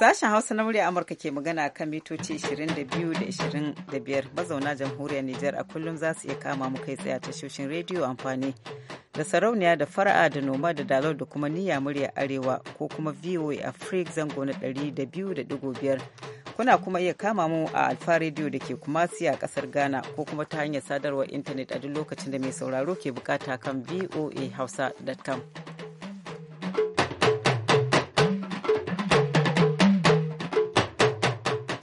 Sashen Hausa na murya Amurka ke magana kan mitoci 22 da 25 mazauna jamhuriyar Nijar a kullum za su iya kama mu kai tsaye a tashoshin rediyo amfani da sarauniya da fara'a da noma da dalar da kuma niyya murya arewa ko kuma VOA freak zango na 200 kuna kuma iya kama mu a alfa rediyo da ke kuma a kasar Ghana ko kuma ta hanyar sadarwar intanet a duk lokacin da mai sauraro ke bukata kan voahausa.com.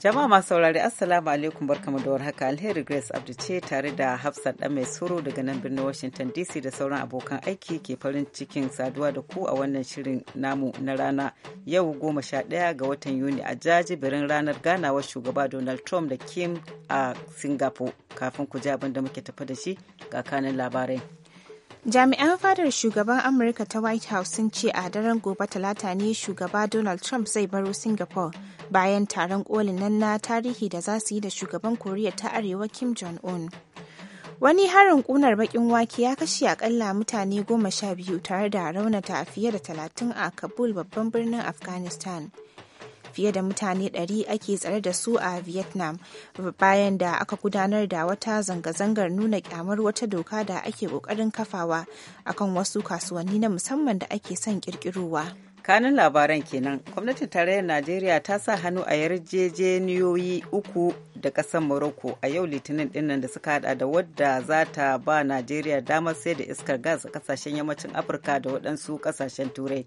Jama'a masu saurari Assalamu alaikum barkamu da warhaka Alheri Grace Abdu ce tare da Hafsat dan mai tsoro daga nan birnin Washington DC da sauran abokan aiki ke farin cikin saduwa da ku a wannan shirin namu na rana yau goma sha daya ga watan Yuni a jajibirin ranar ganawar shugaba Donald Trump da Kim a Singapore kafin ku ji abin da muke tafi da shi ga kanin labarai. Jami'an fadar shugaban Amurka ta White House sun ce a daren gobe talata ne shugaba Donald Trump zai baro Singapore bayan taron kolin nan na tarihi da za su yi da shugaban Koriya ta Arewa Kim Jong-un. Wani harin kunar bakin wake ya kashe akalla mutane goma sha biyu tare da raunata fiye da talatin a Kabul babban birnin Afghanistan. fiye da mutane 100 ake tsare da su a vietnam bayan da aka gudanar da wata zanga-zangar nuna kyamar wata doka da ake kokarin kafawa akan wasu kasuwanni na musamman da ake son kirkirowa. kanin labaran kenan gwamnatin tarayyar najeriya ta sa hannu a yarjejeniyoyi uku da ƙasar morocco a yau litinin dinnan da suka hada da wadda za ta ba najeriya damar sai da iskar gas a kasashen yammacin afirka da waɗansu ƙasashen turai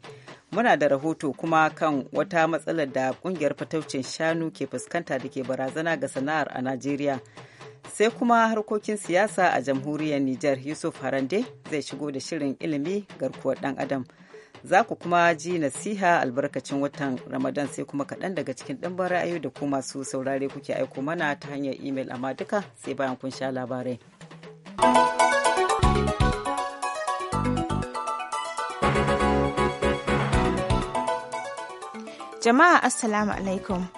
muna da rahoto kuma kan wata matsalar da ƙungiyar fataucin shanu ke fuskanta da ke barazana ga sana'ar a najeriya sai kuma harkokin siyasa a jamhuriyar Nijar, yusuf harande zai shigo da shirin ilimi garkuwar ɗan adam za ku kuma ji nasiha albarkacin watan ramadan sai kuma kaɗan daga cikin ɗimbin ra'ayi da ku masu saurare kuke aiko mana ta hanyar imel amma duka sai bayan kun sha labarai jama'a assalamu alaikum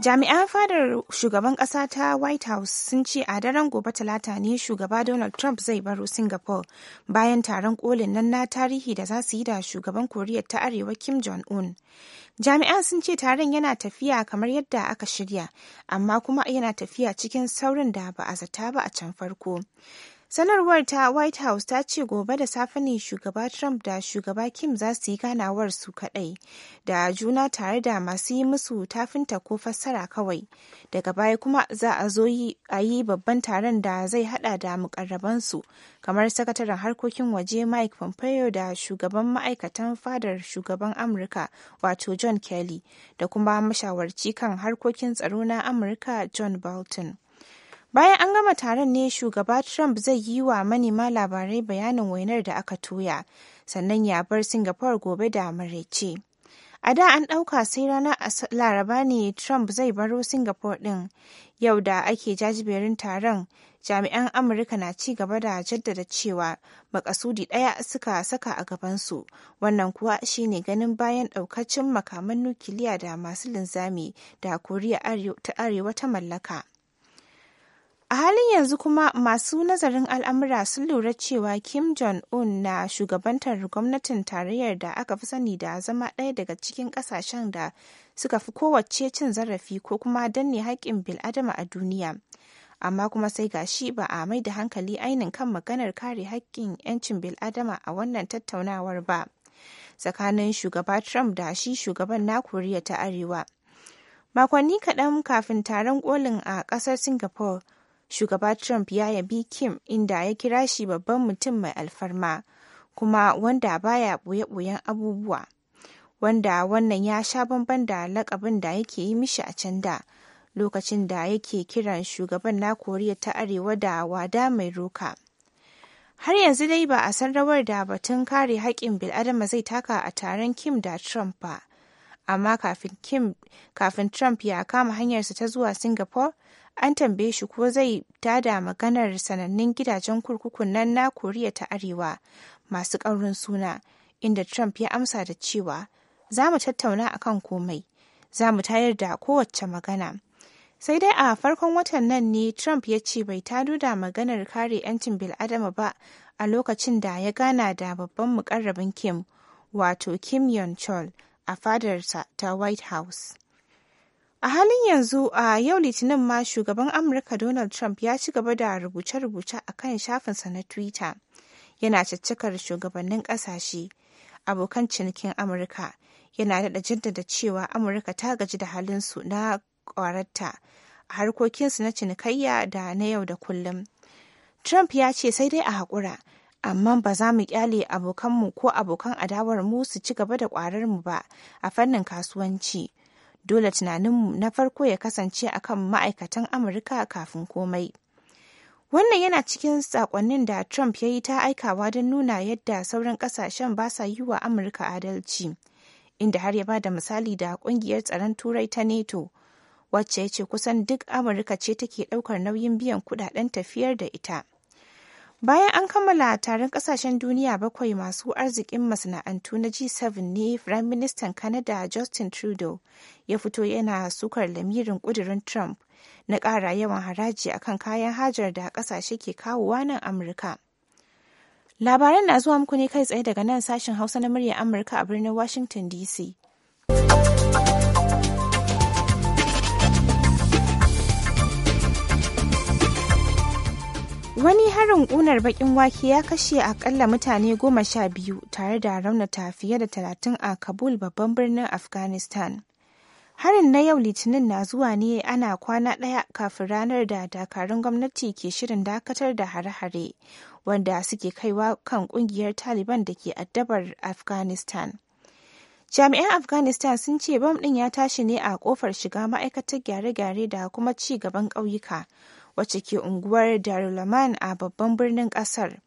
Jami'an fadar shugaban ƙasa ta White House sun ce a daren gobe talata ne shugaba Donald Trump zai baro Singapore bayan taron kolin nan na tarihi da za su yi da shugaban Koriya ta Arewa Kim Jong-un. Jami'an sun ce taron yana tafiya kamar yadda aka shirya, amma kuma yana tafiya cikin saurin da ba a zata ba a can farko. Sanarwar ta White House ta ce gobe da safe ne shugaba Trump da shugaba Kim za su yi ganawar su kadai da juna tare da masu yi musu tafinta ko fassara kawai. Daga baya kuma za a zo a yi babban taron da zai hada da mukarrabansu kamar sakataren harkokin waje Mike Pompeo da shugaban ma'aikatan fadar shugaban Amurka wato John Kelly da kuma mashawarci kan harkokin tsaro na Amurka John Bolton. Bayan an gama taron ne shugaba Trump zai yi wa manema labarai bayanin wainar da aka toya, sannan ya bar Singapore gobe da maraice. A da an ɗauka sai ranar Laraba ne Trump zai baro Singapore ɗin. Yau da ake jajiberin taron, jami'an Amurka na ci gaba da jaddada cewa makasudi ɗaya suka saka a gabansu, wannan kuwa shine ganin bayan ɗaukacin makaman nukiliya da masu linzami da Koriya ta Arewa ta mallaka. A halin yanzu kuma masu nazarin al'amura sun lura cewa Kim Jong-un na shugabantar gwamnatin tarayyar da aka fi sani da zama ɗaya daga cikin ƙasashen da suka fi kowace cin zarafi ko kuma danne haƙƙin bil'adama a duniya. Amma kuma sai gashi ba a mai da hankali ainin kan maganar kare haƙƙin 'yancin bil'adama a wannan tattaunawar ba. Tsakanin shugaba Trump da shi shugaban na Koriya ta Arewa. Makonni kaɗan kafin taron ƙolin a ƙasar Singapore, shugaba Trump ya yabi Kim inda ya kira shi babban mutum mai alfarma kuma wanda baya ɓoye-ɓoyen abubuwa. Wanda wannan ya sha bamban da lakabin da yake yi mishi a can da lokacin da yake kiran shugaban na Koriya ta Arewa da wada mai roka. Har yanzu dai ba a san rawar da batun kare haƙƙin bil'adama zai taka a taron Kim da Trump ba. amma kafin Trump ya kama hanyarsa ta zuwa Singapore, An tambaye shi ko zai tada maganar sanannun gidajen kurkukun nan na Koriya ta Arewa masu ƙaurin suna, inda Trump ya amsa da cewa, "Za mu tattauna akan komai, za mu tayar da kowace magana." Sai dai a farkon watan nan ne Trump ya ce bai tado da maganar kare 'yancin bil'adama ba a lokacin da ya gana da babban mukarrabin Kim, wato Kim yon chol a fadarsa ta White House. A halin yanzu a yau Litinin ma shugaban Amurka Donald Trump ya ci gaba da rubuce-rubuce a kan shafinsa na Twitter. Yana caccakar shugabannin ƙasashe, abokan cinikin Amurka, yana daɗa jaddada cewa Amurka ta gaji da halinsu na ƙwararta a harkokinsu na cinikayya da na yau da kullum. Trump ya ce sai dai a haƙura, amma ba za mu ƙyale abokanmu ko abokan adawar mu su ci gaba da ƙwarar mu ba a fannin kasuwanci. dole tunaninmu na farko ya kasance akan ma'aikatan amurka kafin komai wannan yana cikin sakonnin da trump ya yi ta aikawa don nuna yadda sauran kasashen ba sa yi wa amurka adalci inda har ya ba da misali da kungiyar tsaron turai ta neto wacce ya ce kusan duk amurka ce take daukar nauyin biyan kudaden tafiyar da ita Bayan an kammala taron kasashen duniya bakwai masu arzikin masana'antu na G7 ne Firayim Ministan Canada Justin Trudeau ya fito yana sukar lamirin kudirin Trump na ƙara yawan haraji akan kayan hajar da ƙasashe ke kawowa nan Amurka. Labaran na zuwa muku ne kai tsaye daga nan sashen Hausa na muryar Amurka a birnin Washington DC. Wani harin ƙunar baƙin wake ya kashe akalla mutane goma sha biyu tare da raunata fiye da talatin a Kabul babban birnin Afghanistan. Harin na yau Litinin na zuwa ne ana kwana ɗaya kafin ranar da dakarun gwamnati ke shirin dakatar da hare-hare wanda suke kaiwa kan ƙungiyar Taliban da ke addabar Afghanistan. Jami'an Afghanistan sun ce bam ɗin ya tashi ne a ƙofar shiga ma'aikatar gyare-gyare da kuma ci gaban ƙauyuka. wacce ke unguwar Darulaman a babban birnin ƙasar?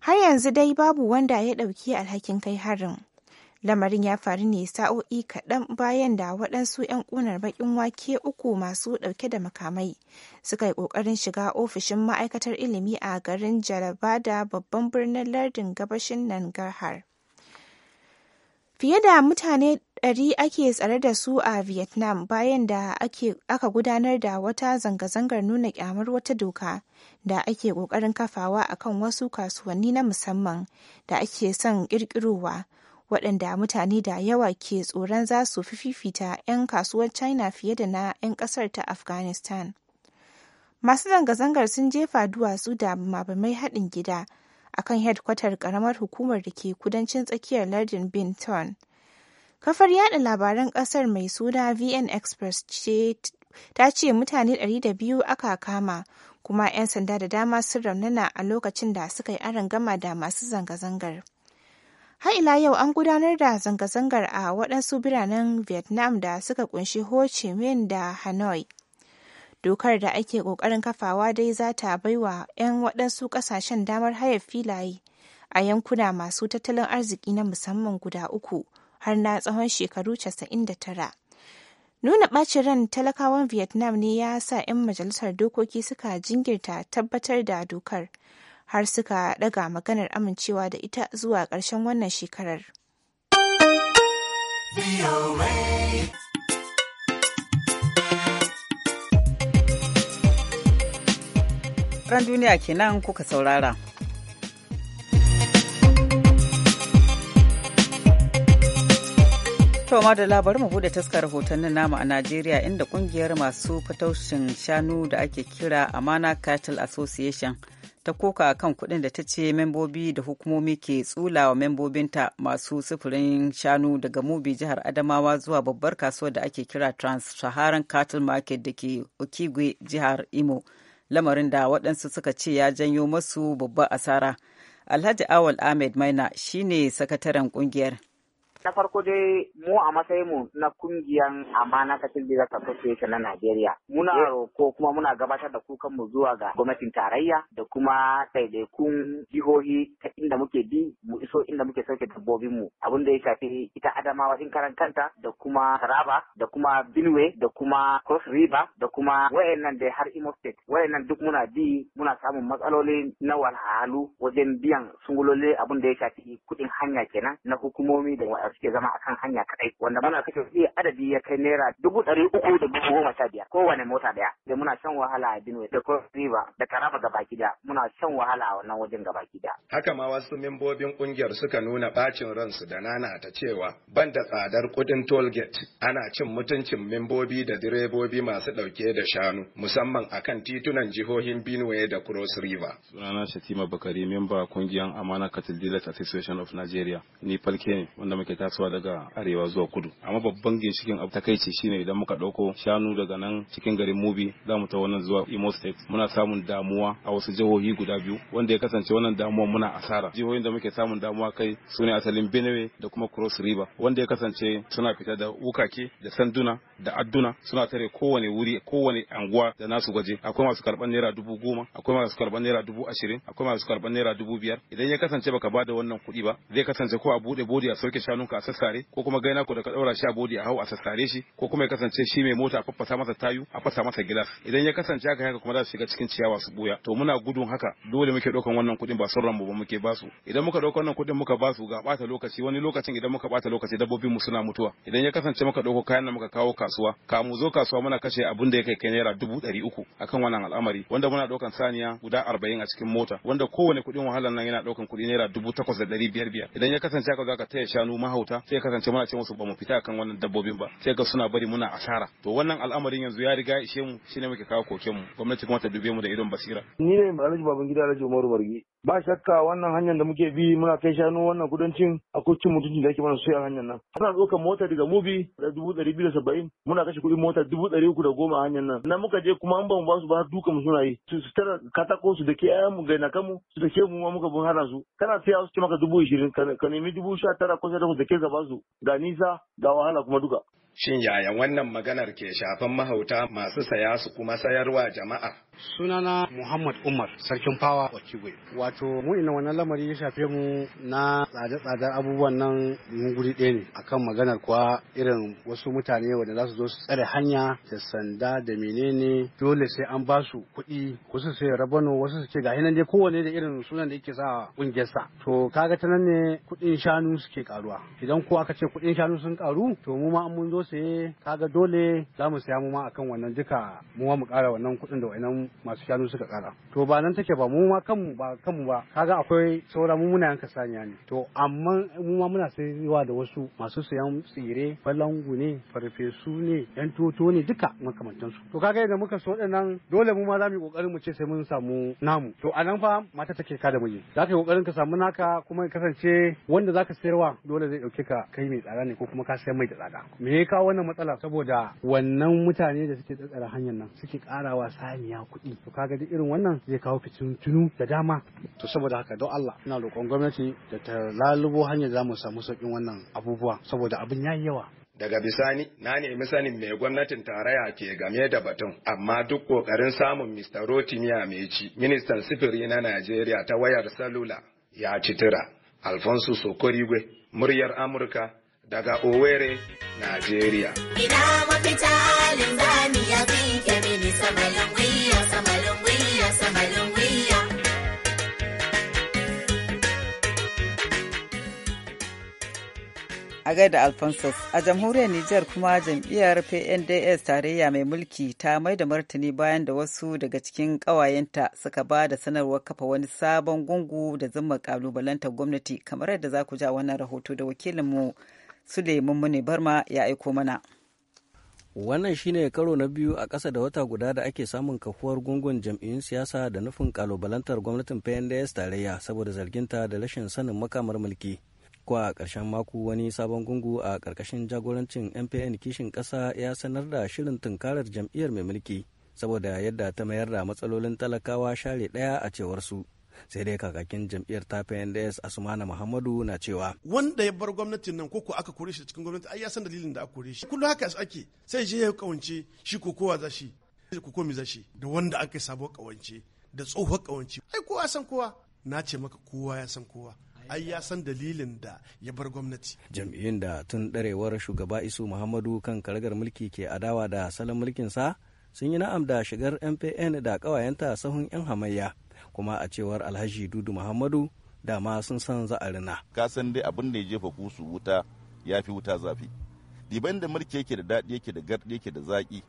Har yanzu dai babu wanda ya ɗauki alhakin kai harin. Lamarin ya faru ne sa'o'i kaɗan bayan da waɗansu 'yan ƙunar baƙin wake uku masu ɗauke da makamai suka yi ƙoƙarin shiga ofishin ma'aikatar ilimi a garin Jalabada babban birnin lardin gabashin Nangarhar. Fiye da mutane ɗari ake tsare da su a Vietnam bayan da aka gudanar da wata zanga-zangar nuna kyamar wata doka da ake ƙoƙarin kafawa a kan wasu kasuwanni na musamman da ake son ƙirƙirowa waɗanda mutane da yawa ke tsoron za su fifita 'yan kasuwar China fiye da na 'yan ƙasar ta Afghanistan. Masu zanga-zangar sun jefa duwatsu da mabamai haɗin gida akan hedkwatar karamar hukumar da ke kudancin tsakiyar lardin Binton. Kafar yada labaran kasar mai suna VN Express ce ta ce mutane 200 aka kama kuma 'yan sanda da dama sun raunana a lokacin da suka yi aron gama da masu zanga-zangar. Har ila yau an gudanar da zanga-zangar a waɗansu biranen Vietnam da suka kunshi Ho Chi Minh da Hanoi. Dokar da ake ƙoƙarin kafawa dai za ta baiwa 'yan waɗansu ƙasashen damar haya filaye a yankuna masu tattalin arziki na musamman guda uku har na tsawon shekaru 99. Nuna ɓacin ran talakawan Vietnam ne ya sa 'yan majalisar dokoki suka jingirta tabbatar da dokar har suka ɗaga maganar amincewa da ita zuwa ƙarshen wannan shekarar. labaran duniya kenan kuka saurara. To ma da labarin mu bude taskar rahotannin namu a Najeriya inda kungiyar masu fataushin shanu da ake kira Amana Cattle Association ta koka kan kuɗin da ta ce membobi da hukumomi ke tsula wa membobinta masu sufurin shanu daga mubi jihar Adamawa zuwa babbar kasuwar da ake kira Trans-Saharan Cattle Market da ke Okigwe jihar Imo lamarin da waɗansu suka ce ya janyo masu babbar asara. Alhaji Awal Ahmed Maina shine sakataren ƙungiyar. Na farko dai mu a matsayinmu na kungiyan amana ta Children's Association na Najeriya. Muna eh. roko kuma muna gabatar da kukan mu zuwa ga gwamnatin tarayya da kuma daidaikun jihohi ta inda muke bi mu iso inda muke sauke mu. Abin da ya shafi ita Adamawa in karan kanta da kuma Taraba da kuma Benue da kuma Cross River da kuma wayannan dai har Imo State. Wayannan duk muna bi muna samun matsaloli na walhalu wajen biyan sungulole abin da ya shafi kuɗin hanya kenan na hukumomi da suke zama a kan hanya kadai wanda muna kashe kuɗi adadi ya kai naira dubu ɗari uku da dubu goma sha biyar kowane mota daya da muna shan wahala a Benue da Cross River da Taraba baki da muna shan wahala a wannan wajen baki da. Haka ma wasu membobin kungiyar suka nuna bacin ransu da nana ta cewa ban da tsadar kudin toll gate ana cin mutuncin membobi da direbobi masu ɗauke da shanu musamman akan titunan jihohin Benue da Cross River. Sunana Shatima Bakari memba kungiyar Amana Cattle Dealers Association of Nigeria ni falke ne wanda muke tasowa daga arewa zuwa kudu amma babban ginshikin abu takaici shine idan muka ɗauko shanu daga nan cikin garin mubi za mu ta wannan zuwa imo state muna samun damuwa a wasu jihohi guda biyu wanda ya kasance wannan damuwa muna asara jihohin da muke samun damuwa kai su asalin benue da kuma cross river wanda ya kasance suna fita da wukake da sanduna da adduna suna tare kowane wuri kowane anguwa da nasu gwaje akwai masu karban naira dubu goma akwai masu karban naira dubu ashirin akwai masu karban naira dubu biyar idan ya kasance baka bada wannan kuɗi ba zai kasance ko a buɗe bodi a sauke shanu hannun ka a sassare ko kuma gaina ku da ka daura shi a bodi a hau a sassare shi ko kuma ya kasance shi mai mota a faffasa masa tayu a fasa masa gilas idan ya kasance haka haka kuma za su shiga cikin ciyawa su buya to muna gudun haka dole muke ɗaukan wannan kuɗin ba son mu ba muke basu idan muka dauka wannan kuɗin muka basu ga bata lokaci wani lokacin idan muka bata lokaci dabbobin mu suna mutuwa idan ya kasance muka ɗauko kayan nan muka kawo kasuwa ka mu zo kasuwa muna kashe abin da ya kai naira dubu ɗari uku akan wannan al'amari wanda muna ɗaukan saniya guda arba'in a cikin mota wanda kowane kuɗin wahalar nan yana daukan kuɗi naira dubu takwas da ɗari biyar biyar idan ya kasance haka za ka taya shanu maha mahauta sai kasance muna ce musu ba mu fita kan wannan dabbobin ba sai ga suna bari muna asara to wannan al'amarin yanzu ya riga ishe mu shine muke kawo koken mu gwamnati kuma ta dube mu da idon basira ni ne Alhaji gida Alhaji Umaru Barge ba shakka wannan hanyar da muke bi muna kai shanu wannan kudancin a kucin mutuncin da ake mana suya hanyar nan ana ɗaukar mota daga mubi da dubu ɗari biyu da saba'in muna kashe kuɗin mota dubu ɗari uku da goma hanyar nan na muka je kuma an ba mu ba su ba duka mu suna yi su tara katako su da ke ayan mu gaina kanmu su da ke mu ma muka bin hana su kana siya su ce maka dubu ishirin ka nemi dubu sha tara ko da ke gaban su ga nisa ga wahala kuma duka. Shin yaya wannan maganar ke shafan mahauta masu saya su kuma sayarwa jama'a? sunana Muhammad Umar sarkin fawa Okigwe wato mu ina wannan lamari ya shafe mu na tsada-tsadar abubuwan nan mun guri ɗaya ne akan maganar kuwa irin wasu mutane wanda za su zo su tsare hanya da sanda da menene dole sai an ba su kuɗi wasu sai rabano wasu su ce ga hinan dai kowane da irin sunan da yake sa sa. to kaga ta nan ne kuɗin shanu suke karuwa idan ko aka ce kuɗin shanu sun karu to mu ma mun zo saye kaga dole za mu saya mu ma akan wannan duka mu ma mu ƙara wannan kuɗin da wannan masu shanu suka kara to ba nan take ba mu ma kanmu ba kanmu ba kaga akwai saura mu muna yanka saniya ne to amma mu ma muna sayarwa da wasu masu sayan tsire falangu ne farfesu ne yan toto ne duka makamantansu to kaga yadda muka so nan dole mu ma za mu yi kokarin mu ce sai mun samu namu to a nan fa mata take ka da miji za ka yi kokarin ka samu naka kuma ka kasance wanda za ka sayarwa dole zai dauke ka kai mai tsada ne ko kuma ka sayar mai da tsada me ya kawo wannan matsala saboda wannan mutane da suke tsatsara hanyar nan suke karawa saniya kuɗi to kaga duk irin wannan zai kawo fitintunu da dama to saboda haka don Allah ina roƙon gwamnati da ta lalubo hanyar za mu samu sauƙin wannan abubuwa saboda abin yayi yawa daga bisani na nemi sanin mai gwamnatin tarayya ke game da batun amma duk kokarin samun Mr. Rotimiya Meci ministan sifiri na Najeriya ta wayar salula ya ci tira Alfonso Sokorigwe muryar Amurka daga Owerri Najeriya ina mafita linzani ya bi ke mini a gaida alphonsus a jamhuriyar nijar kuma jam'iyyar pnds tarayya mai mulki ta mai da martani bayan da wasu daga cikin kawayenta suka ba da sanarwar kafa wani sabon gungu da zama kalubalantar gwamnati kamar yadda za ku ja wannan rahoto da wakilinmu suleiman mune barma ya aiko mana Wannan shine karo na biyu a ƙasa da wata guda da ake samun kafuwar gungun jam'iyyun siyasa da nufin kalubalantar gwamnatin PNDS tarayya saboda zarginta da rashin sanin makamar mulki. Ko a ƙarshen mako wani sabon gungu a ƙarƙashin jagorancin MPN kishin ƙasa ya sanar da shirin tunkarar jam'iyyar mai mulki saboda yadda ta mayar da matsalolin talakawa share ɗaya a cewar su. sai dai kakakin jam'iyyar ta PNDS Asmana Muhammadu na cewa wanda ya bar gwamnatin nan koko aka kore shi cikin gwamnati ai ya san dalilin da aka kore shi kullum haka ake sai je ya kawance shi ko kowa za shi ko mi za shi da wanda aka sabo kawance da tsohuwar kawance ai kowa san kowa na ce maka kowa ya san kowa ai ya san dalilin da ya bar gwamnati. Jam'iyyun da tun darewar shugaba Isu Muhammadu kan karagar mulki ke adawa da salon sa, sun yi na'am da shigar MPN da ƙawayenta sahun 'yan hamayya. kuma a cewar alhaji dudu muhammadu dama sun san za a rina ka san dai abin da ya jefa kusu wuta ya fi wuta zafi diban da mulki yake da daɗi yake da garɗi yake da zaki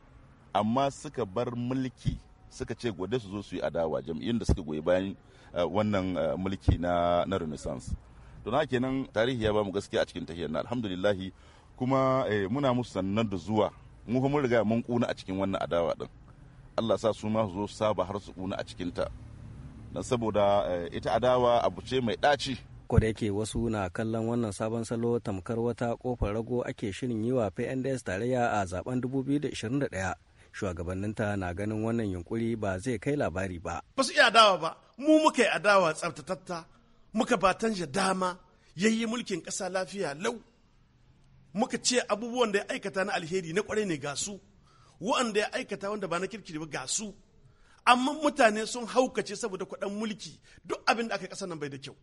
amma suka bar mulki suka ce gwade su zo su yi adawa jam'iyyun da suka goyi bayan eh, wannan eh, mulki na na renaissance to na kenan tarihi ya ba mu gaskiya a cikin tahiyar na alhamdulillah kuma eh, muna musu sannan da zuwa mu mun riga mun kuna a cikin wannan adawa din Allah sa su ma su zo saba har su kuna a cikin ta don saboda eh, ita adawa abu ce mai ɗaci ko da yake wasu na kallon wannan sabon salo tamkar wata kofar rago ake shirin yi wa pnds tarayya a zaben 2021 shugabanninta na ganin wannan yunkuri ba zai kai labari ba ba su iya adawa ba mu muka yi adawa tsabtatatta muka ba shi dama yayi mulkin ƙasa lafiya lau muka ce abubuwan da ya aikata na alheri na kwarai ne ga su waɗanda ya aikata wanda ba na kirkiri ba ga su amma mutane sun haukace saboda kuɗin mulki duk abin da aka ƙasar nan bai da kyau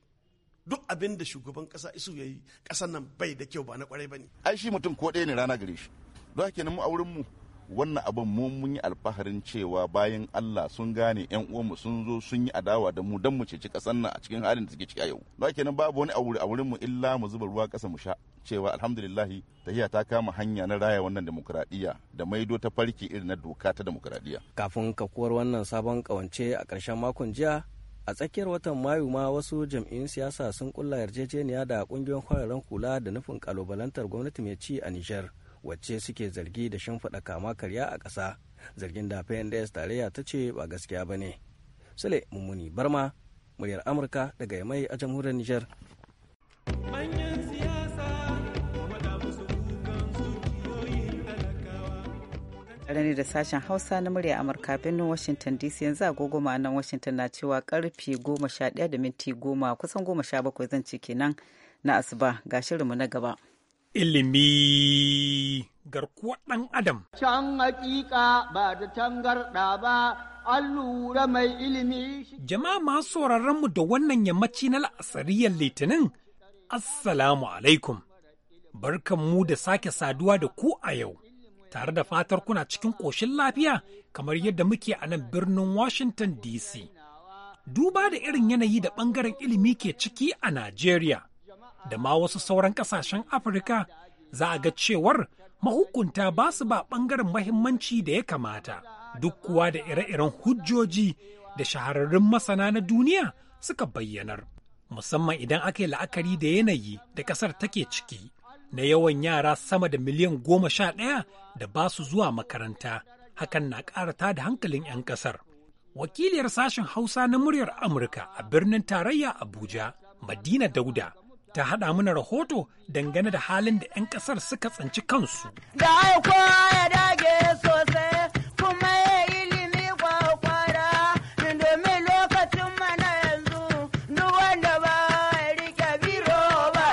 duk abin da shugaban ƙasa isu ya yi ƙasar nan bai da kyau ba na kwarai ba ne ai shi mutum ko ɗaya ne rana gare shi don haka mu a wurin mu wannan abin mu mun yi alfaharin cewa bayan Allah sun gane yan mu sun zo sun yi adawa da mu dan mu ceci kasan nan a cikin halin da suke ciki a yau don nan babu wani wuri a wurin mu illa mu zuba ruwa kasa mu sha cewa alhamdulillah tahiya ta kama hanya na raya wannan demokradiyya da maido ta farki irin na doka ta demokradiyya kafin ka kakuwar wannan sabon kawance a ƙarshen makon jiya a tsakiyar watan mayu ma wasu jam'in siyasa sun kulla yarjejeniya da kungiyoyin kwararren kula da nufin kalubalantar gwamnati mai ci a nijar wacce suke zargi da shimfiɗa kama karya a ƙasa zargin da pnds tarayya ta ce ba gaskiya ba ne sule mummuni barma muryar amurka daga yamai a jamhuriyar nijar rani da sashen hausa na murya amurka birnin washington dc yanzu agogo nan washington na cewa karfe goma sha ɗaya da minti goma kusan goma sha bakwai zan ce kenan na asuba ga shirinmu na gaba ilimi garkuwar ɗan adam. Can hakika ba da tangarɗa ba, an lura mai ilimi. Jama'a masu mu da wannan yammaci na la'asariyar litinin, Assalamu alaikum. Barkan mu da sake saduwa da ku a yau, tare da fatar kuna cikin ƙoshin lafiya kamar yadda muke a nan birnin Washington DC. Duba da irin yanayi da ɓangaren ilimi ke ciki a Najeriya. da ma wasu sauran ƙasashen Afirka za a ga cewar mahukunta ba su ba ɓangaren mahimmanci da ya kamata duk kuwa da ire-iren hujjoji da shahararrun masana na duniya suka bayyanar musamman idan aka yi la'akari da yanayi da ƙasar take ciki na yawan yara sama da miliyan goma sha ɗaya da ba su zuwa makaranta hakan na ƙarata da hankalin 'yan ƙasar wakiliyar sashen hausa na muryar amurka a birnin tarayya abuja madina dauda ta haɗa mana rahoto dangane da halin da 'yan ƙasar suka tsanci kansu. Da aiko ya dage sosai kuma ya yi ilimi kwakwara domin lokacin mana yanzu duk wanda ba rike biro ba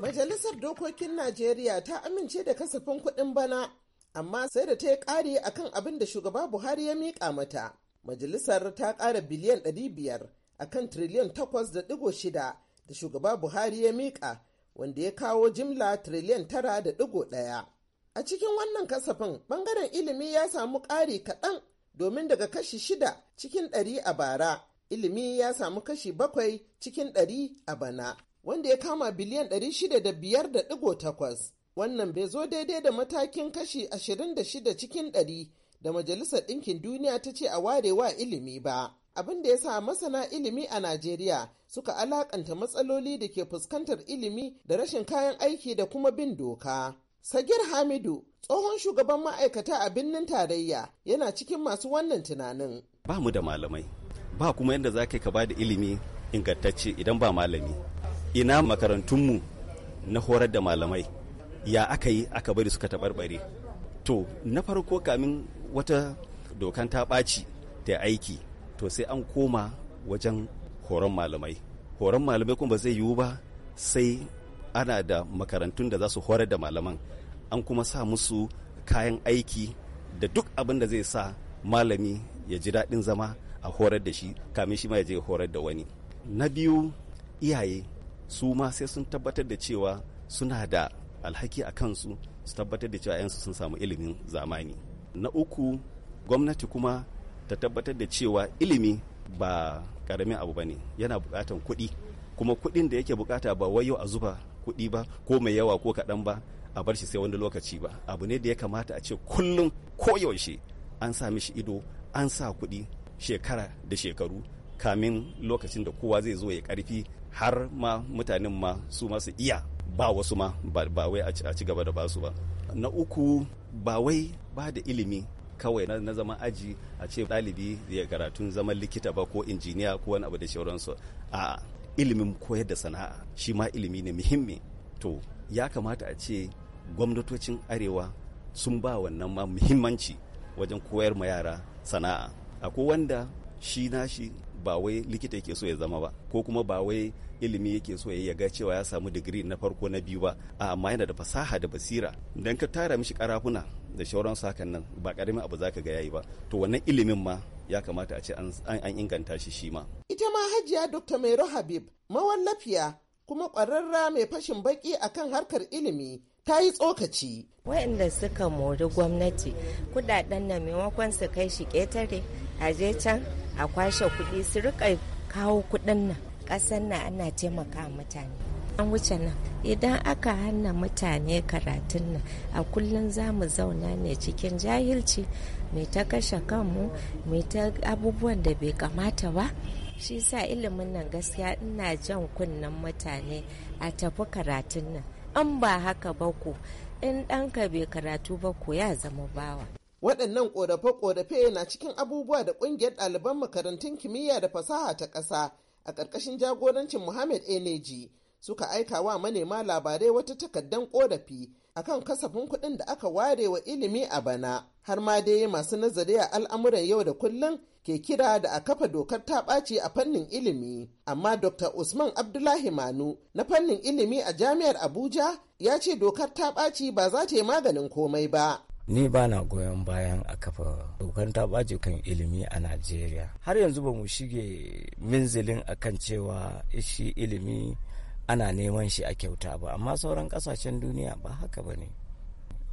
Majalisar Dokokin Najeriya ta amince da kasafin kuɗin bana amma sai da ta yi ƙari kan abin da shugaba Buhari ya miƙa mata. Majalisar ta ƙara biliyan ɗari biyar. a kan triliyan takwas da digo da shugaba Buhari ya miƙa wanda ya kawo jimla triliyan tara da digo ɗaya. A cikin wannan kasafin bangaren ilimi ya samu ƙari kaɗan domin daga kashi shida cikin ɗari a bara, ilimi ya samu kashi bakwai cikin ɗari a bana, wanda ya kama biliyan ɗari biyar da Wannan bai zo daidai da matakin kashi ashirin da shida cikin ɗari da Majalisar Ɗinkin Duniya ta ce a warewa ilimi ba. abin da ya sa masana ilimi a Najeriya suka alakanta matsaloli da ke fuskantar ilimi da rashin kayan aiki da kuma bin doka. Sagir Hamidu, tsohon shugaban ma'aikata a birnin tarayya, yana cikin masu wannan tunanin. Ba mu da malamai, ba kuma yadda za ka ba da ilimi ingantacce idan ba malami. Ina makarantunmu na horar da malamai, ya aka yi aka bari suka taɓarɓare. To, na farko kamin wata dokan ta ɓaci da aiki to sai an koma wajen horon malamai horon malamai kuma ba zai yiwu ba sai ana da makarantun da za su horar da malaman an kuma sa musu kayan aiki da duk abin da zai sa malami ya ji daɗin zama a horar da shi kamin shi ma ya je horar da wani na biyu iyaye su ma sai sun tabbatar da cewa suna da alhaki a kansu su tabbatar da cewa 'yansu sun samu ilimin zamani na uku gwamnati kuma ta tabbatar da cewa ilimi ba karamin abu ba ne yana bukatan kuɗi kuma kuɗin da yake bukata ba wayo a zuba kuɗi ba ko mai yawa ko kaɗan ba a bar shi sai wani lokaci ba abu ne da ya kamata a ce kullum koyaushe an sa mishi ido an sa kuɗi shekara da shekaru kamin lokacin da kowa zai zo ya karfi har ma mutanen ma su masu iya ba wasu ma ba wai a ci gaba da basu ba na uku ba wai ba da ilimi kawai na zama aji a ce ɗalibi ya karatun zaman likita ba ko injiniya ko wani abu da shauransu a ilimin koyar da sana'a shi ma ilimi ne muhimmi to ya kamata a ce gwamnatocin arewa sun ba wannan ma muhimmanci wajen koyar ma yara sana'a akwai wanda shi nashi ba wai likita yake so ya zama ba ko kuma ba wai ilimi yake so ya ga cewa ya samu digiri na farko na biyu ba amma yana da fasaha da basira idan ka tara mishi karafuna da sauransu hakan nan ba karamin abu zaka ga yayi ba to wannan ilimin ma ya kamata a ce an inganta shi shi ma ita ma hajiya dr mairo habib mawallafiya kuma ƙwararra mai fashin baki akan harkar ilimi ta yi tsokaci. Waɗanda suka mori gwamnati kudaden nan maimakon su kai shi ƙetare a je can a kwashe kuɗi su rika kawo kuɗin nan ƙasar nan ana taimaka mutane. an wuce nan idan aka hana mutane karatun nan a kullum za mu zauna ne cikin jahilci mai ta kashe kanmu mai ta abubuwan da bai kamata ba shi sa ilimin nan gaskiya ina jan kunnen mutane a tafi karatun nan an ba haka ba ku in ɗanka bai karatu ba ku ya zama bawa waɗannan ƙorafe-ƙorafe na cikin abubuwa da ƙungiyar ɗaliban makarantun kimiyya da fasaha ta ƙasa a ƙarƙashin jagorancin Muhammad Eneji suka aika wa manema labarai wata takaddan korafi akan kasafin kuɗin da aka ware wa ilimi a bana har ma dai masu nazari a al'amuran yau da kullum ke kira da a kafa dokar ta ɓaci a fannin ilimi amma dr usman abdullahi manu na fannin ilimi a jami'ar abuja ya ce dokar ta ɓaci ba za ta yi maganin komai ba ni ba na goyon bayan a kafa dokar ta ɓaci kan ilimi a najeriya har yanzu ba mu shige minzilin akan cewa shi ilimi ana neman shi a kyauta ba amma sauran kasashen duniya ba haka ba ne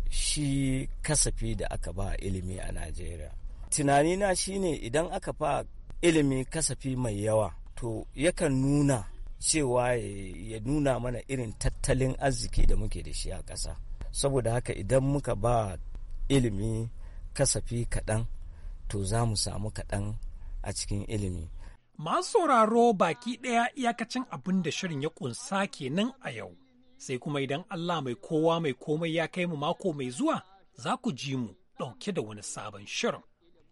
shi kasafi da aka ba ilimi a najeriya tunanina shine idan aka fa ilimi kasafi mai yawa to yakan nuna cewa ya nuna mana irin tattalin arziki da muke da shi a ƙasa saboda haka idan muka ba ilimi kasafi kaɗan to za mu samu kaɗan a cikin ilimi Masu sauraro baki ɗaya iyakacin abin da shirin ya ƙunsa kenan a yau, sai kuma idan Allah mai kowa mai komai ya kai mu mako mai zuwa za ku ji mu ɗauke da wani sabon shirin.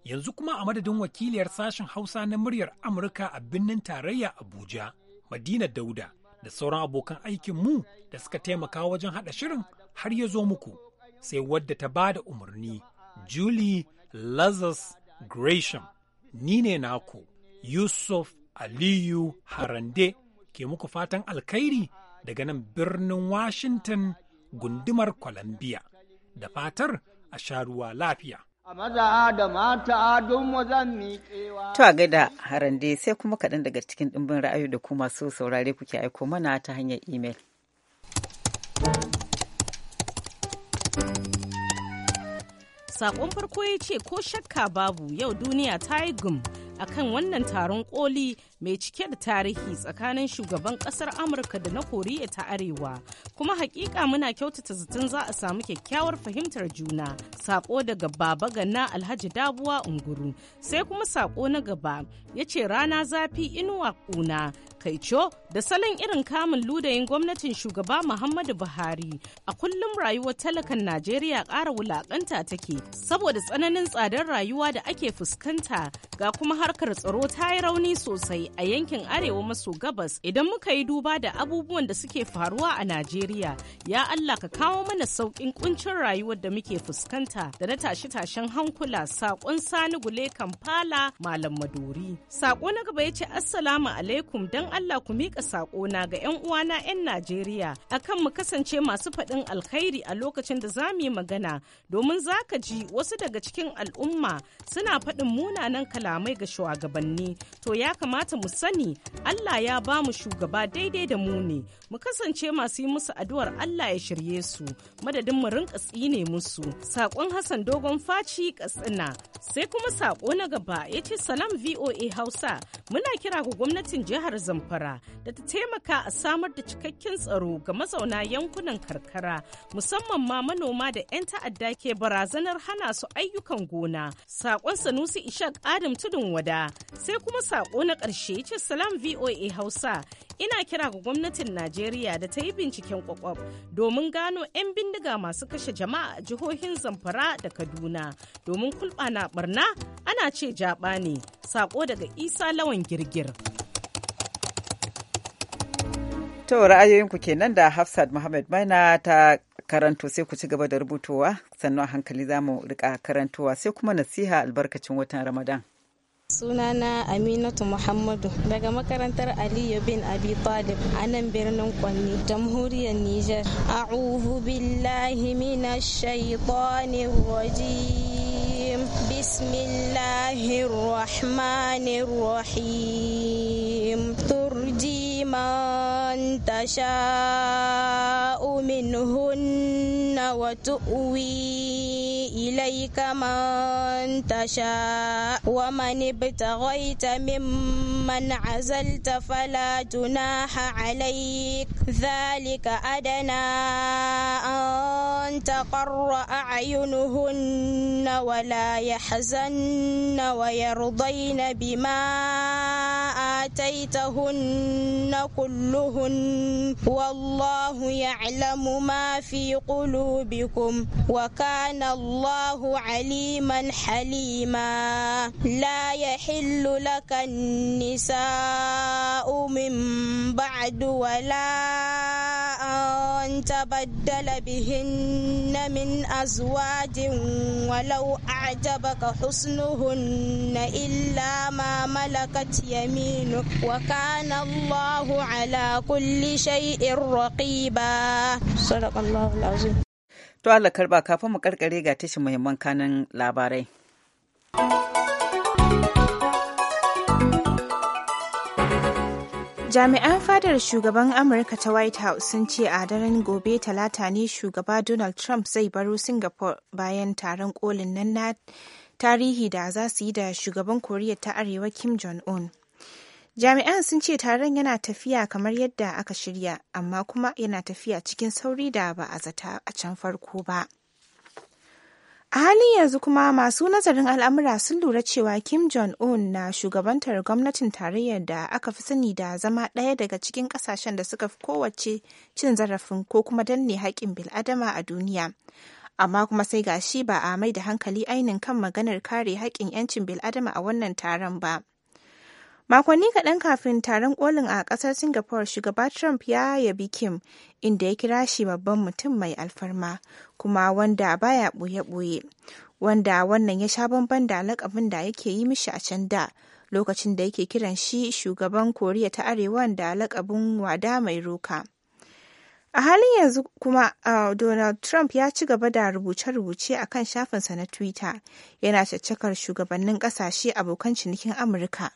Yanzu kuma a madadin wakiliyar sashen Hausa na muryar Amurka a birnin tarayya Abuja, Madina Dauda, da sauran abokan aikin mu da suka taimaka wajen haɗa shirin har ya zo muku, sai wadda ta ba da umarni, Julie Lazarus Gresham, ni ne naku. Yusuf Aliyu Harande ke muku fatan alkhairi daga nan birnin Washington gundumar Columbia da fatar a sha ruwa lafiya. To a gaida harande sai kuma kaɗan daga cikin ɗimbin ra'ayi da kuma masu saurare kuke aiko mana ta hanyar imel. Saƙon farko ya ce ko shakka babu yau duniya ta yi gum akan wannan taron koli mai cike da tarihi tsakanin shugaban kasar amurka da na koriya ta arewa kuma hakika muna kyautata zaton za a samu kyakkyawar fahimtar juna sako daga baba Ganna, alhaji dabuwa unguru sai kuma sako na gaba ya ce rana zafi inuwa kuna Kaico, da salon irin kamun ludayin gwamnatin shugaba Muhammadu Buhari a kullum rayuwar talakan Najeriya ƙara wulaƙanta take saboda tsananin tsadar rayuwa da ake fuskanta ga kuma harkar tsaro ta yi rauni sosai a yankin arewa maso gabas idan muka yi duba da abubuwan da suke faruwa a Najeriya ya Allah ka kawo mana sauƙin kuncin rayuwar da muke fuskanta da na tashe-tashen hankula saƙon Sani Gule Kampala Malam Maduri. Saƙo na gaba ya ce Assalamu alaikum dan Allah ku miƙa na ga 'yan uwana 'yan Najeriya akan mu kasance masu faɗin alkhairi a lokacin da za mu yi magana domin za ka ji wasu daga cikin al'umma suna faɗin munanan kalamai ga shugabanni to ya kamata mu sani Allah ya ba mu shugaba daidai da mu ne mu kasance masu yi musu addu'ar Allah ya shirye su madadin mu rinka tsine musu saƙon Hassan Dogon Faci Katsina Sai kuma saƙo na gaba ya ce salam VOA Hausa muna kira ga gwamnatin jihar Zamfara da ta taimaka a samar da cikakken tsaro ga mazauna yankunan karkara musamman ma manoma da 'yan ta'adda ke barazanar hana su ayyukan gona. Saƙon Sanusi Ishaq Adam Tudun Wada sai kuma saƙo na ƙarshe ya ce salam VOA Hausa ina kira ga gwamnatin najeriya da ta yi binciken kwakwab domin gano 'yan bindiga masu kashe jama'a a jihohin zamfara da kaduna domin na barna ana ce jaɓa ne sako daga isa lawan girgir to ra'ayoyinku kenan da hafsat muhammad maina ta karanto sai ku ci gaba da rubutuwa sannan hankali za mu rika karantowa sai kuma nasiha albarkacin watan ramadan sunana aminatu muhammadu daga makarantar aliyu bin abi talib a nan birnin kwanni jamhuriyar niger a'udhu billahi minash shaitanir rajim bismillahir rahmanir rahim turji man tasha'u minhunna wa tu'wi إليك من تشاء ومن ابتغيت ممن عزلت فلا جناح عليك ذلك أدنى أن تقر أعينهن ولا يحزن ويرضين بما آتيتهن كلهن والله يعلم ما في قلوبكم وكان الله عليما حليما لا يحل لك النساء من بعد ولا أن تبدل بهن من أزواج ولو أعجبك حسنهن إلا ما ملكت يمينك وكان الله على كل شيء رقيبا صدق الله العظيم To Allah karba kafin mu karkare ga tashin muhimman kanin labarai. Jami'an fadar shugaban Amurka ta White House sun ce a daren gobe talata ne shugaba Donald Trump zai baro Singapore bayan taron kolin nan na tarihi da za su yi da shugaban Koriya ta Arewa Kim Jong-un. Jami'an sun ce taron yana tafiya kamar yadda aka shirya, amma kuma yana tafiya cikin sauri da ba a zata a can farko ba. A halin yanzu kuma masu nazarin al'amura sun lura cewa Kim Jong-un na shugabantar gwamnatin tarayyar da aka fi sani da zama ɗaya daga cikin ƙasashen da suka fi kowace cin zarafin ko kuma danne haƙƙin bil'adama a duniya. Amma kuma sai gashi ba a mai da hankali ainin kan maganar kare haƙƙin 'yancin bil'adama a wannan taron ba. Makonni kaɗan kafin taron kolin a ƙasar Singapore, shugaba Trump ya yabi Kim inda ya kira shi babban mutum mai alfarma kuma wanda baya ɓoye-ɓoye, wanda wannan ya sha bamban da lakabin da yake yi mishi a can da lokacin da yake kiran shi shugaban Koriya ta Arewa da lakabin wada mai roka. A halin yanzu kuma uh, Donald Trump ya ci gaba da rubuce-rubuce a kan shafinsa na Twitter yana caccakar shugabannin ƙasashe abokan cinikin Amurka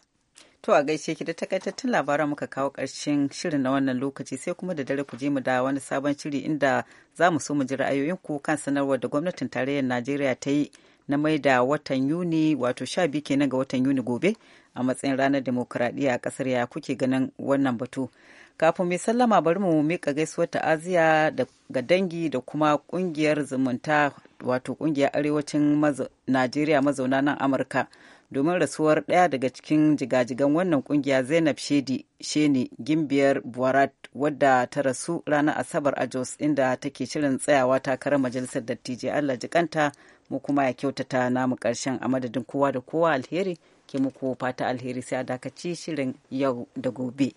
To a gaishe ki da takaitattun labaran muka kawo ƙarshen shirin na wannan lokaci sai kuma da dare ku je mu da wani sabon shiri inda za mu so mu ji ra'ayoyin ku kan sanarwar da gwamnatin tarayyar Najeriya ta yi na mai da watan Yuni wato sha biyu kenan ga watan Yuni gobe a matsayin ranar demokuraɗiyya a ƙasar ya kuke ganin wannan batu. Kafin mai sallama bari mu miƙa gaisuwar ta'aziya ga dangi da kuma ƙungiyar zumunta wato ƙungiyar arewacin Najeriya mazauna nan Amurka. domin rasuwar ɗaya daga cikin jigajigan wannan kungiya zainab shedi sheni gimbiyar buwarat wadda ta rasu ranar asabar a jos inda take shirin tsayawa takarar majalisar dattijai allah jikanta mu kuma ya kyautata namu karshen a madadin kowa da kowa alheri ke muku fata alheri sai a dakaci shirin yau da gobe.